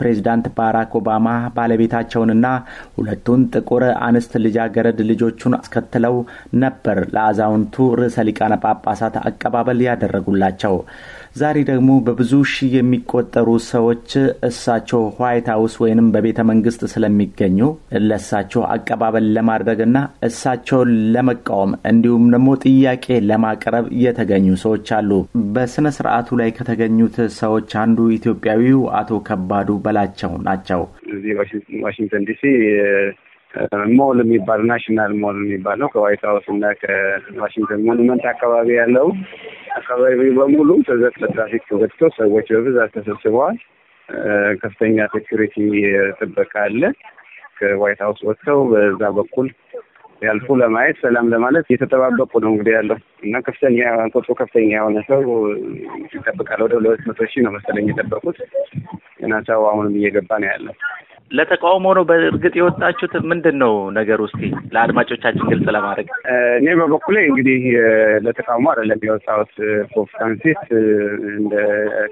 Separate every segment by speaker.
Speaker 1: ፕሬዚዳንት ባራክ ኦባማ ባለቤታቸውንና ሁለቱን ጥቁር አንስት ልጃገረድ ልጆቹን አስከትለው ነበር ለአዛውንቱ ርዕሰ ሊቃነ ጳጳሳት አቀባበል ያደረጉላቸው። ዛሬ ደግሞ በብዙ ሺህ የሚቆጠሩ ሰዎች እሳቸው ዋይት ሀውስ ወይንም በቤተ መንግስት ስለሚገኙ ለእሳቸው አቀባበል ለማድረግና እሳቸውን ለመቃወም እንዲሁም ደግሞ ጥያቄ ለማቅረብ የተገኙ ሰዎች አሉ። በስነ ስርዓቱ ላይ ከተገኙት ሰዎች አንዱ ኢትዮጵያዊው አቶ ከባዱ በላቸው ናቸው።
Speaker 2: እዚህ ዋሽንግተን ዲሲ ሞል የሚባል ናሽናል ሞል የሚባል ነው። ከዋይት ሀውስ እና ከዋሽንግተን ሞኑመንት አካባቢ ያለው አካባቢ በሙሉ ለትራፊክ ተዘግቶ ሰዎች በብዛት ተሰብስበዋል። ከፍተኛ ሴኩሪቲ ጥበቃ አለ። ከዋይት ሀውስ ወጥተው በዛ በኩል ያልፉ ለማየት ሰላም ለማለት እየተጠባበቁ ነው እንግዲህ ያለው እና ከፍተኛ ቁጥሩ ከፍተኛ የሆነ ሰው ይጠብቃል። ወደ ሁለት መቶ ሺህ ነው መሰለኝ የጠበቁት እና ሰው አሁንም እየገባ ነው ያለው።
Speaker 1: ለተቃውሞ ነው በእርግጥ የወጣችሁት? ምንድን ነው ነገር ውስጥ ለአድማጮቻችን ግልጽ ለማድረግ
Speaker 2: እኔ በበኩሌ እንግዲህ ለተቃውሞ አይደለም የወጣሁት። ፖፕ ፍራንሲስ እንደ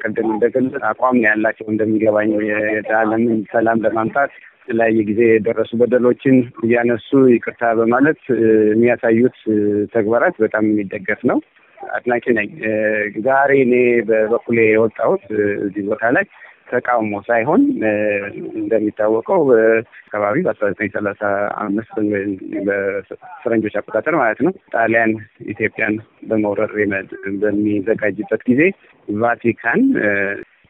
Speaker 2: ቅድም እንደገለጽ አቋም ያላቸው እንደሚገባኝ የዓለምን ሰላም ለማምጣት የተለያየ ጊዜ የደረሱ በደሎችን እያነሱ ይቅርታ በማለት የሚያሳዩት ተግባራት በጣም የሚደገፍ ነው። አድናቂ ነኝ። ዛሬ እኔ በበኩሌ የወጣሁት እዚህ ቦታ ላይ ተቃውሞ ሳይሆን እንደሚታወቀው በአካባቢ በአስራ ዘጠኝ ሰላሳ አምስት በፈረንጆች አቆጣጠር ማለት ነው ጣሊያን ኢትዮጵያን በመውረር በሚዘጋጅበት ጊዜ ቫቲካን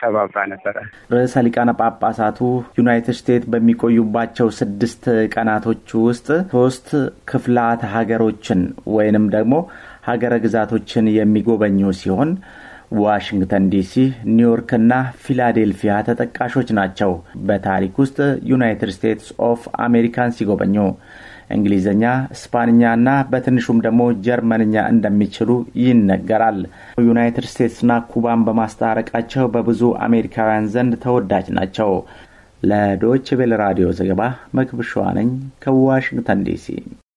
Speaker 2: ተባባ ነበረ።
Speaker 1: ርዕሰ ሊቃነ ጳጳሳቱ ዩናይትድ ስቴትስ በሚቆዩባቸው ስድስት ቀናቶች ውስጥ ሶስት ክፍላት ሀገሮችን ወይንም ደግሞ ሀገረ ግዛቶችን የሚጎበኙ ሲሆን ዋሽንግተን ዲሲ፣ ኒውዮርክና ፊላዴልፊያ ተጠቃሾች ናቸው። በታሪክ ውስጥ ዩናይትድ ስቴትስ ኦፍ አሜሪካን ሲጎበኙ እንግሊዝኛ፣ ስፓንኛና በትንሹም ደግሞ ጀርመንኛ እንደሚችሉ ይነገራል። ዩናይትድ ስቴትስና ኩባን በማስታረቃቸው በብዙ አሜሪካውያን ዘንድ ተወዳጅ ናቸው። ለዶች ቬለ ራዲዮ ዘገባ መክብሻዋ ነኝ ከዋሽንግተን ዲሲ